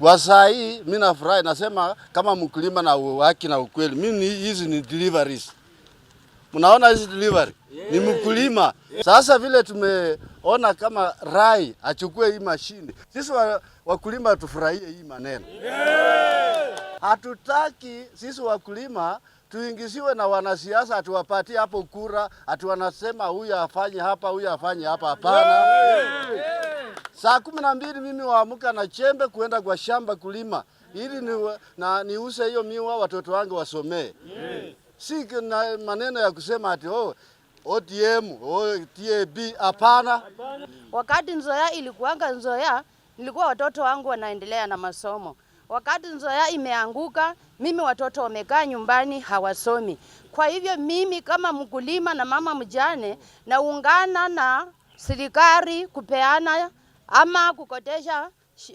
Kwa saa hii mimi nafurahi, nasema kama mkulima na haki na ukweli. Mimi hizi ni deliveries, mnaona hizi delivery Ni mkulima sasa, vile tumeona kama Rai achukue hii mashine, sisi wakulima tufurahie hii maneno Hatutaki sisi wakulima tuingiziwe na wanasiasa atuwapatie hapo kura, ati wanasema huyu afanye hapa, huyu afanye hapa. Hapana yeah. Saa kumi na mbili mimi waamka na chembe kuenda kwa shamba kulima ili ni, na niuse hiyo miwa watoto wangu wasomee. Si na maneno ya kusema ati oh, ODM, oh, TAB hapana. Wakati Nzoia ilikuanga Nzoia, nilikuwa watoto wangu wanaendelea na masomo. Wakati Nzoia imeanguka, mimi watoto wamekaa nyumbani hawasomi. Kwa hivyo mimi kama mkulima na mama mjane naungana na serikali kupeana ama kukotesha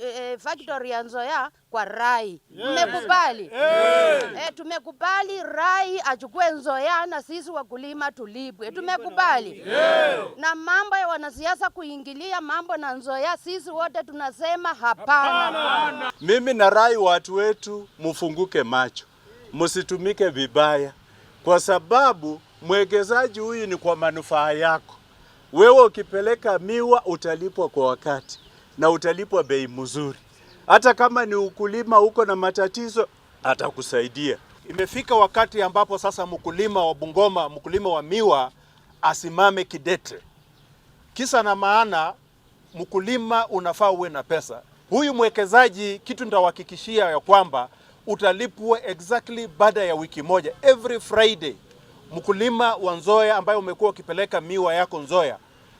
E, factory ya Nzoia kwa Rai mmekubali? Yeah. Eh, yeah. E, tumekubali Rai achukue Nzoia na sisi wakulima tulipwe, tumekubali Yeah. na mambo ya wanasiasa kuingilia mambo na Nzoia, sisi wote tunasema hapana. Mimi na Rai, watu wetu mufunguke macho, msitumike vibaya, kwa sababu mwekezaji huyu ni kwa manufaa yako wewe ukipeleka miwa utalipwa kwa wakati na utalipwa bei mzuri. Hata kama ni ukulima uko na matatizo, atakusaidia. Imefika wakati ambapo sasa mkulima wa Bungoma, mkulima wa miwa asimame kidete. Kisa na maana, mkulima unafaa uwe na pesa. Huyu mwekezaji, kitu nitawahakikishia ya kwamba utalipwa exactly baada ya wiki moja, every Friday. Mkulima wa nzoya ambaye umekuwa ukipeleka miwa yako nzoya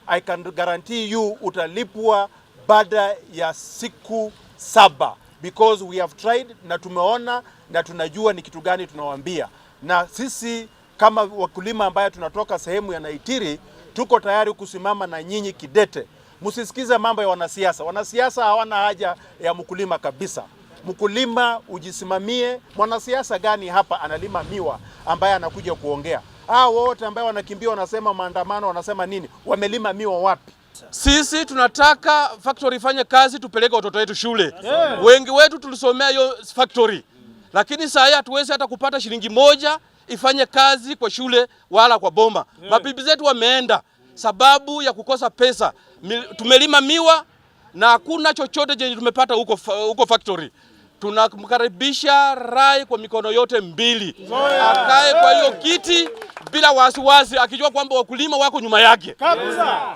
I can guarantee you utalipwa baada ya siku saba because we have tried na tumeona na tunajua ni kitu gani tunawaambia, na sisi kama wakulima ambayo tunatoka sehemu ya Naitiri tuko tayari kusimama na nyinyi kidete. Msisikize mambo ya wanasiasa. Wanasiasa hawana haja ya mkulima kabisa. Mkulima ujisimamie. Mwanasiasa gani hapa analima miwa ambaye anakuja kuongea hao wote ambao wanakimbia wanasema maandamano, wanasema nini? Wamelima miwa wapi? Sisi tunataka factory ifanye kazi, tupeleke watoto wetu shule yeah. Wengi wetu tulisomea hiyo factory mm. Lakini saa hii hatuwezi hata kupata shilingi moja ifanye kazi kwa shule wala kwa boma yeah. Mabibi zetu wameenda sababu ya kukosa pesa. Tumelima miwa na hakuna chochote chenye tumepata huko, huko factory. Tunamkaribisha Rai kwa mikono yote mbili, oh, akae kwa hiyo kiti bila wasiwasi, akijua kwamba wakulima wako nyuma yake kabisa.